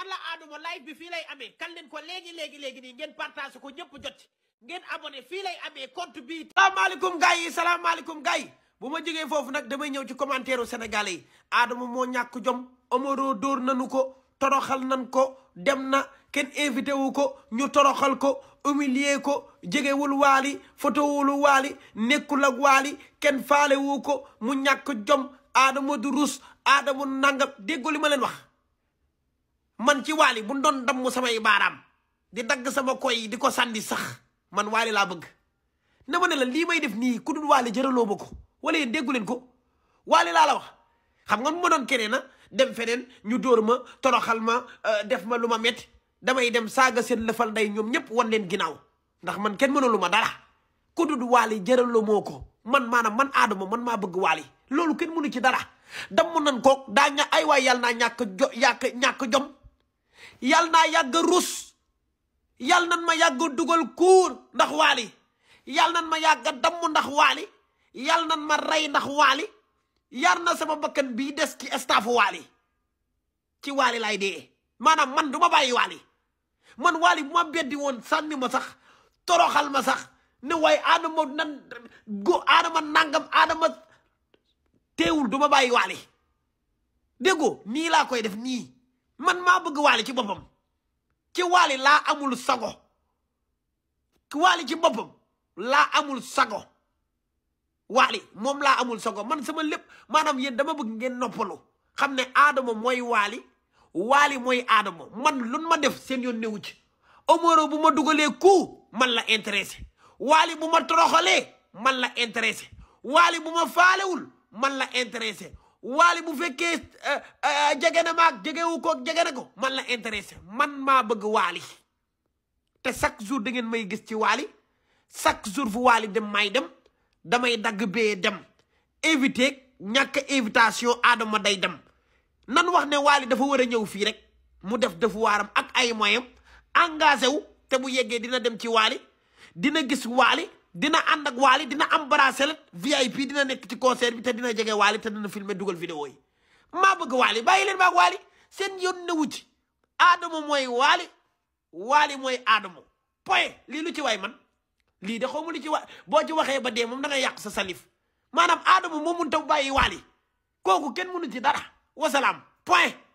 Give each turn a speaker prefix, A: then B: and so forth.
A: alla aaduma live bi fii lay amee kan leen ko léegi léegi léegi nii ngeen partage ko ñëpp jot ngeen abonné fii lay amee compte bi salaamaaleykum gars yi salaamaaleykum gars yi bu ma jógee foofu nag damay ñëw ci commentaire u yi aadama moo ñàkk jom Omaro dóor nanu ko toroxal nan ko dem na kenn invité wu ko ñu toroxal ko humilier ko jegewul waali fotowul waali nekkul ak waali kenn faale ko mu ñàkk jom aadama du rus aadama nangam déggoo li ma leen wax man ci waali bu doon damm samay baaraam di dagg sama koy di ko sandi sax man waali laa bëgg na ma ne la lii may def nii ku dul waali jëraloo ma ko wala yéen déggu leen ko waali laa la wax xam nga ma doon keneen na dem feneen ñu dóor ma toroxal ma euh, def ma lu ma metti damay dem saaga seen lëfal nday ñoom ñëpp wan leen ginnaaw ndax man kenn mënalu ma dara ku dul waali jëraloo moo ko man maanaam man aadama man maa bëgg waali loolu kenn mënu ci dara damm nan koog daa ay waay yàlla naa ñàkk jo ñàkk ñàkk jom yal naa yàgg a rus yal nan ma yàgg dugal kuur ndax waali yal nan ma yàgg a ndax waali yal nan ma rey ndax waali yal na sama bakkan bii des ci staafu waali ci waali laay dee maanaam man duma ma bàyyi waali man waali bu ma beddi woon sànni ma sax toroxal ma sax ne waaye aadama nan go aadama nangam aadama teewul duma ma bàyyi waali déggoo nii laa koy def nii man maa bëgg waali ci boppam ci waali laa amul sago waali ci boppam laa amul sago waali moom laa amul sago man sama lépp maanaam yéen dama bëgg ngeen noppalu xam ne aadama mooy waali waali mooy aadama man lun ma def seen yoon newu ci Omaro bu ma dugalee ku man la intéressé waali bu ma toroxalee man la intéressé waali bu ma faalewul man la intéressé waali bu fekkee eh, eh, jege na maag jegewu ko jege na ko man la intéressé man maa bëgg waali te chaque jour da ngeen may gis ci waali chaque jour fu waali dem may dem damay dagg bee dem éviter ñàkk invitation Adama day dem nan wax ne waali dafa war a ñëw fii rek mu def def waaram ak ay moyam engagé wu te bu yeggee dina dem ci waali dina gis waali dina ànd ak Wally dina am bracelet VIP dina nekk ci concert bi te dina jege Wally te dina filmer dugal vidéo yi maa bëgg Wally bàyyi leen maag waali seen yoon ne wuti Adamo mooy Wally Wally mooy Adamo point lii lu ci way man lii de xaw ma lu ci wa boo ci waxee ba dee moom da nga yàq sa salif maanam Adamo moo mun taw bàyyi Wally kooku kenn mënu ci dara wasalaam point